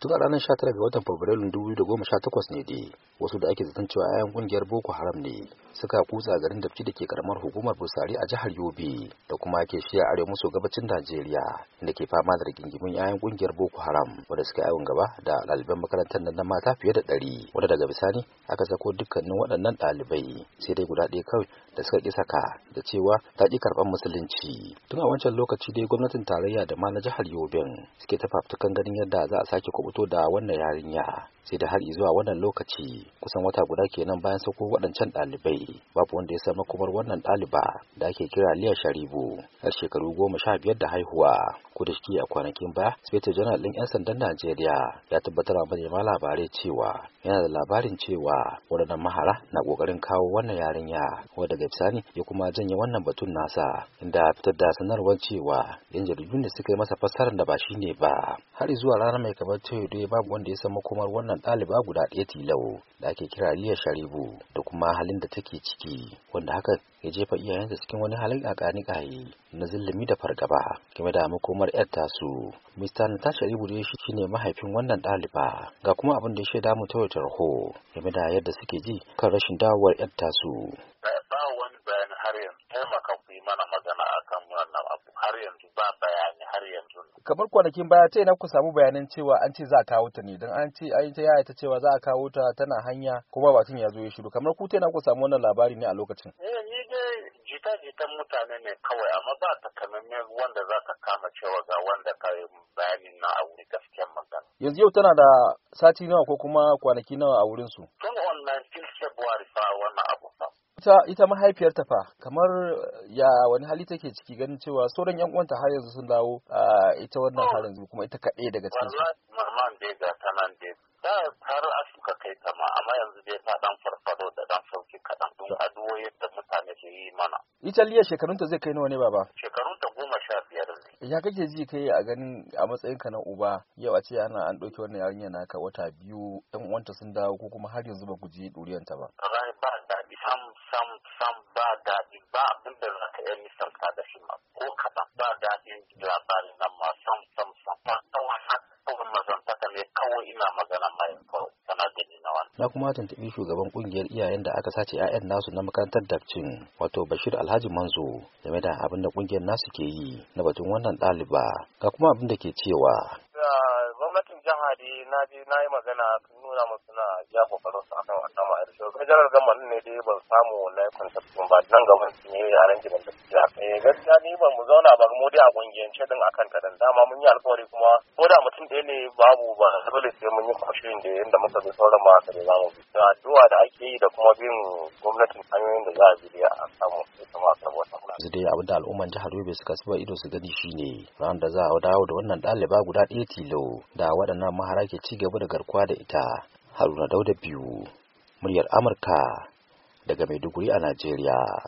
tun a ranar 19 ga watan fabrairun 2018 ne dai wasu da ake zaton cewa 'ya'yan kungiyar boko haram ne suka kutsa garin dabci da ke karamar hukumar busari a jihar yobe da kuma ke shiya arewa maso gabacin najeriya da ke fama da rigingimin 'ya'yan kungiyar boko haram wanda suka yawon gaba da ɗaliban makarantar nan na mata fiye da ɗari wanda daga bisani aka sako dukkanin waɗannan ɗalibai sai dai guda ɗaya kawai da suka ƙi saka da cewa ta ƙi karɓar musulunci tun a wancan lokaci dai gwamnatin tarayya da ma na jihar yobe suke ta ganin yadda za a sake kuɓu fito da wannan yarinya sai da har zuwa wannan lokaci kusan wata guda kenan bayan sauko waɗancan ɗalibai babu wanda ya samu makomar wannan ɗaliba da ake kira Liya Sharibu har shekaru goma sha biyar da haihuwa ko da shi a kwanakin baya sifeto general din 'yan sandan najeriya ya tabbatar wa manema labarai cewa yana da labarin cewa wadannan mahara na kokarin kawo wannan yarinya wadda daga bisani ya kuma janye wannan batun nasa inda fitar da sanarwar cewa yan jaridu ne suka yi masa fassarar da ba shi ne ba har zuwa ranar mai kamar ta dai babu wanda ya san makomar wannan ɗaliba guda ɗaya tilau da ake kira Liya Sharibu da kuma halin da take ciki wanda haka ya jefa iyayensa cikin wani halin ƙaƙani na zillimi da fargaba game da makomar yar tasu mr natasha ne shi ne mahaifin wannan ɗaliba ga kuma abin da ya shaida mu ta tarho game da yadda suke ji kan rashin dawowar yar tasu ba wani bayan har yanzu taimaka kamar kwanakin baya ta ina ku samu bayanan cewa an ce za a kawo ta ne don an ce an ta yaya ta cewa za a kawo ta tana hanya kuma batun ya zo ya shiru kamar ku ta ina ku samu wannan labari ne a lokacin. Eh, ni dai jita-jitan mutane ne kawai amma ba takamaimen wanda za ka kama cewa ga wanda ka yi bayanin na a wuri gaskiyar magana. Yanzu yau tana da sati nawa ko kuma kwanaki nawa a wurin su. Tun on ita ita mahaifiyar ta fa kamar eh, ya wani hali take ciki ganin cewa sauran yan uwanta har yanzu sun dawo eh, ita wannan har yanzu kuma ita kaɗai daga cikin su marman dai da tanan dai da har asuka kai sama, amma yanzu dai ta dan farfado da dan sauki kaɗan don addu'o'in da mutane ke yi mana ita liya ta zai kai nawa ne baba Shekarun ta goma sha biyar ya kake ji kai a ganin a ka na uba yau a ce ana an ɗauki wannan yarinya naka wata biyu yan uwanta sun dawo ko kuma har yanzu ba ku je ɗuriyanta ba ba daɗi sam sam sam ba daɗi ba abin da za ka iya misalta da shi ma ko kaɗan ba daɗi labarin nan ma sam sam sam ba kawai kawai mazantaka ne kawai ina magana mai kawai kana gani na wani. Na kuma tuntuɓi shugaban ƙungiyar iyayen da aka sace 'ya'yan nasu na makarantar Dabcin wato Bashir Alhaji Manzo game da abin da ƙungiyar nasu ke yi na batun wannan ɗaliba ga kuma abin da ke cewa jiha dai na je na yi magana sun nuna mu suna ya kokarin su akan wannan ma'ar shi shugaban jiran gaman ne dai ban samu na yi kwantattun ba nan gaban su ne a nan jiran da suke kai eh, gaskiya ni ban mu zauna ba mu dai a kungiyance din akan ta dan dama mun yi alƙawari kuma ko da mutum da ne babu ba dole sai mun yi kwashin da yanda muka bi sauran ma haka da zamu bi addu'a da ake yi da kuma bin gwamnatin hanyoyin da za a bi a samu ita ma yanzu dai abin da al'umman jihar yobe suka saba ido su gani shine ran da za a dawo da wannan ɗaliba guda ɗaya tilo da waɗannan mahara ke ci gaba da garkuwa da ita haruna dauda biyu muryar amurka daga maiduguri a najeriya